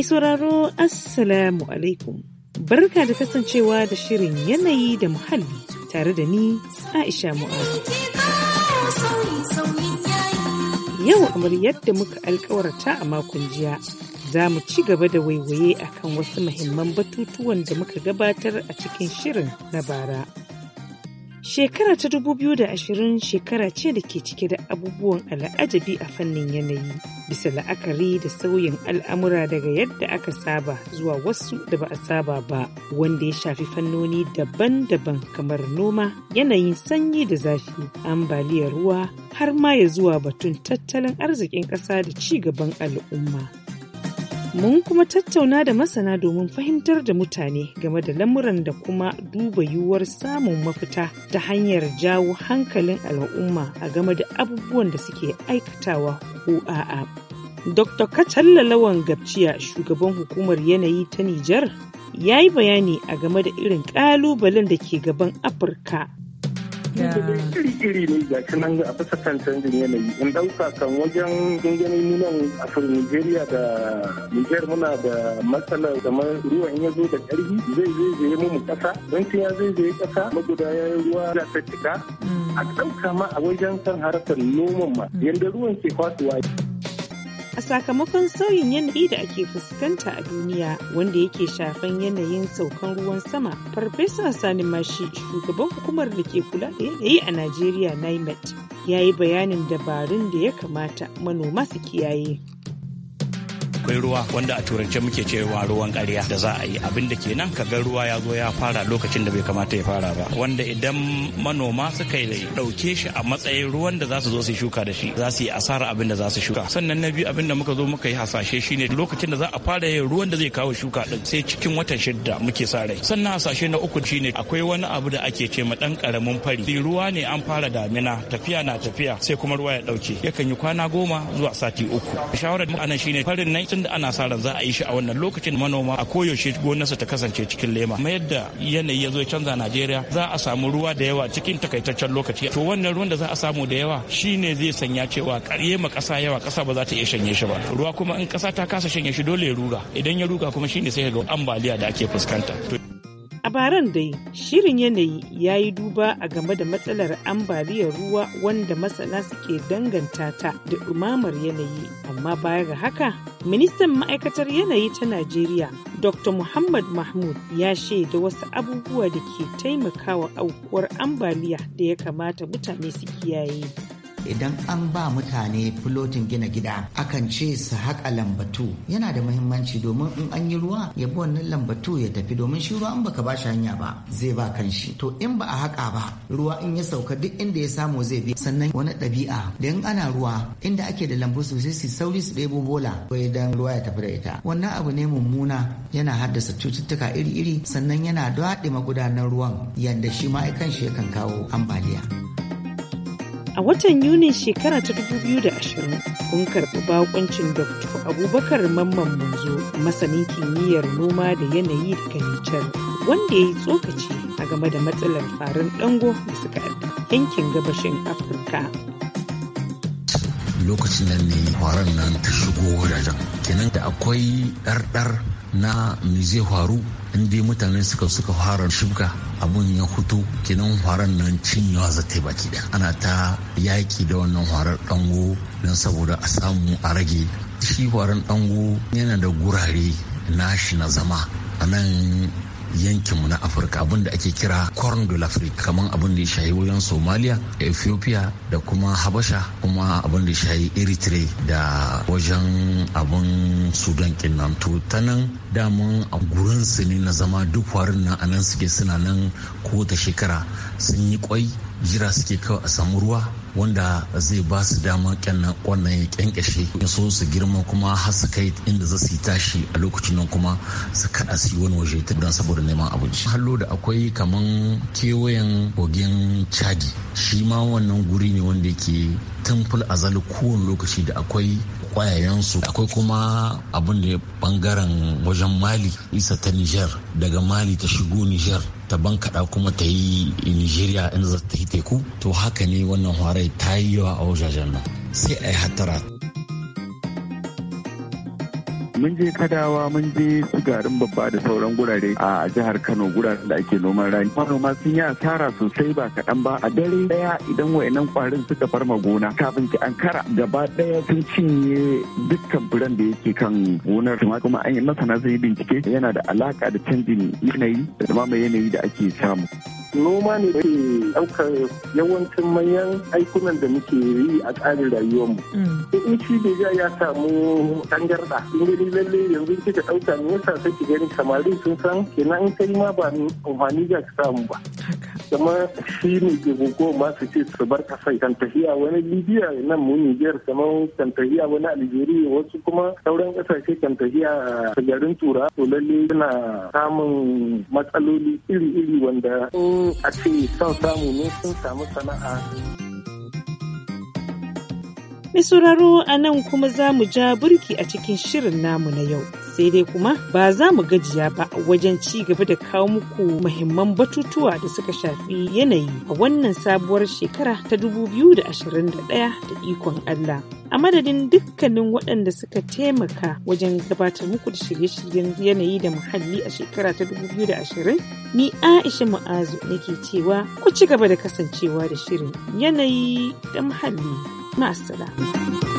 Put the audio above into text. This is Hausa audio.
Mai sauraro Assalamu alaikum. Barka da kasancewa da shirin yanayi da muhalli tare da ni Aisha Mu'azu. Yau kamar yadda muka alkawarta a makon jiya za mu ci gaba da waiwaye akan wasu muhimman batutuwan da muka gabatar a cikin shirin na bara. Shekara ta dubu biyu da ashirin shekara ce da ke cike da abubuwan al'ajabi a fannin yanayi, bisa la'akari da sauyin al'amura daga yadda aka saba zuwa wasu da ba a saba ba, wanda ya shafi fannoni daban-daban kamar noma, yanayin sanyi da zafi, ambaliyar ruwa, har ma ya zuwa batun tattalin arzikin ƙasa da ci gaban al'umma. Mun kuma tattauna da masana domin fahimtar da mutane game da lamuran da kuma duba yiwuwar samun mafita ta hanyar jawo hankalin al'umma a game da abubuwan da suke aikatawa ko a'a. Dr. Kacalla Lawan Gabciya shugaban hukumar yanayi ta Nijar ya yi bayani a game da irin ƙalubalen da ke gaban Afirka iri-iri ne ga shi nan a bisa canjin yanayi in ɗauka kan wajen ganganin nunan a nigeria da niger muna da matsalar kamar ruwan ya zo da karfi zai zai zai mu ƙasa bankin ya zai zai ƙasa magudayen ruwa na mm. a dauka ma a wajen kan harkar noman ma yadda ruwan ke kwasuwa. a sakamakon sauyin yanayi da ake fuskanta a duniya wanda yake shafan yanayin saukan ruwan sama farfesa sani mashi shugaban hukumar da ke kula da yanayi a najeriya nimet ya yi bayanin dabarun da ya kamata manoma su kiyaye akwai ruwa wanda a turance muke cewa ruwan ƙarya da za a yi abin da kenan ka ga ruwa ya zo ya fara lokacin da bai kamata ya fara ba wanda idan manoma suka yi dauke shi a matsayin ruwan da za su zo su shuka da shi za su yi asara abin da za su shuka sannan na biyu abin da muka zo muka yi hasashe shine lokacin da za a fara yin ruwan da zai kawo shuka din sai cikin watan shida muke sa rai sannan hasashe na uku shine akwai wani abu da ake ce ma dan karamin fari sai ruwa ne an fara damina tafiya na tafiya sai kuma ruwa ya dauke yakan yi kwana goma zuwa sati uku shawarar anan shine farin nan da ana sa ran za a yi shi a wannan lokacin manoma a koyaushe gonarsa ta kasance cikin lema amma yadda yanayi ya zo canza najeriya za a samu ruwa da yawa cikin takaitaccen lokaci to wannan ruwan da za a samu da yawa shine zai sanya cewa karye ma kasa yawa kasa ba za ta iya shanye shi ba ruwa kuma in kasa ta kasa shanye shi dole ya ruga idan ya ruga kuma shine sai ga ambaliya da ake fuskanta A baran dai, shirin yanayi ya yi duba a game da matsalar ambaliyar ruwa wanda masana suke danganta ta da ɗumamar yanayi. Amma baya ga haka, ministan ma'aikatar yanayi ta Najeriya, Dr. Muhammad Mahmud ya shaida wasu abubuwa da ke taimakawa aukuwar ambaliya da ya kamata mutane su kiyaye. idan an ba mutane filotin gina gida akan ce su haƙa lambatu yana da muhimmanci domin in an yi ruwa ya bi wannan lambatu ya tafi domin shi ruwa in baka ba shi hanya ba zai ba kan to in ba a haƙa ba ruwa in ya sauka duk inda ya samu zai bi sannan wani ɗabi'a da in ana ruwa inda ake da lambu sosai su sauri su ɗebo bola ko idan ruwa ya tafi da ita wannan abu ne mummuna yana haddasa cututtuka iri-iri sannan yana daɗe magudanar ruwan yadda shi ma shi yakan kawo ambaliya. A watan yuni shekara ta 2020 kun karɓi bakoncin Dr. Abubakar Mamman Manzo masanin kimiyyar noma da yanayi daga Nijar wanda ya yi tsokaci a game da matsalar farin dango da suka yankin gabashin Afirka. lokacin nan ne faran nan ta shigo wajajen kenan da akwai ɗarɗar na me zai faru in dai mutane suka suka fara shuka abun ya hutu kenan faran nan cinyewa za ta baki da ana ta yaki da wannan farar dango don saboda a samu a rage shi farar dango yana da gurare nashi na zama a nan yankinmu na afirka abinda ake kira corn de l'afrique kamar abin da ya shahi wajen somalia ethiopia da kuma habasha kuma abin da ya shahi eritrea da wajen abin sudan kinnan to ta nan damun a gurin su ne na zama duk warin nan a nan suke suna nan kowace shekara sun yi kwai jira suke kawai a samu ruwa wanda zai ba su dama kyannan kwanan ya kyankashe so su girma kuma har su kai inda za su yi tashi a lokacin nan kuma su kada su yi wani waje ta don saboda neman abinci hallo da akwai kaman kewayen kogin chadi shi ma wannan guri ne wanda yake tumful azali kowane lokaci da akwai kwayayensu akwai kuma abin da bangaren wajen mali isa ta niger daga mali ta shigo niger ta kaɗa kuma ta yi nigeria in za ta yi teku to haka ne wannan hwarai ta yi yawa a wajajen nan sai a yi hatara mun je kadawa mun je su garin babba da sauran gurare a jihar kano guraren da ake noman rani manoma sun yi asara sosai ba kaɗan ba a dare ɗaya idan wayannan kwarin suka farma gona kafin ki ankara gaba ɗaya sun cinye dukkan furen da yake kan gonar kuma an yi masana zai bincike yana da alaka da canjin yanayi da zama yanayi da ake samu. noma ne ke ɗaukar yawancin manyan aikunan da muke yi a tsarin rayuwarmu. Mm. In shi bai ya samu tangarɗa in gani lallai yanzu kika ɗauka ne yasa sai ki gani samarin sun san kenan in kai ma ba amfani ga ki samu ba. kamar shi ne ke gugu masu ce su bar kasai kan wani libya nan mu niger kamar kan wani algeria wasu kuma sauran kasashe kan a garin tura to lalle suna samun matsaloli iri-iri wanda a ce son samu ne sun samu sana'a Mai sauraro a nan kuma za mu ja burki a cikin shirin namu na yau. Sai dai kuma ba za mu gajiya ba wajen ci gaba da kawo muku muhimman batutuwa da suka shafi yanayi a wannan sabuwar shekara ta 2021 da ikon Allah. A madadin dukkanin waɗanda suka taimaka wajen gabatar muku da shirye-shiryen yanayi da muhalli a shekara ta 2020, ni Aisha ma'azu nake cewa ku ci gaba da kasancewa da shirin yanayi da muhalli. Ma'assalam.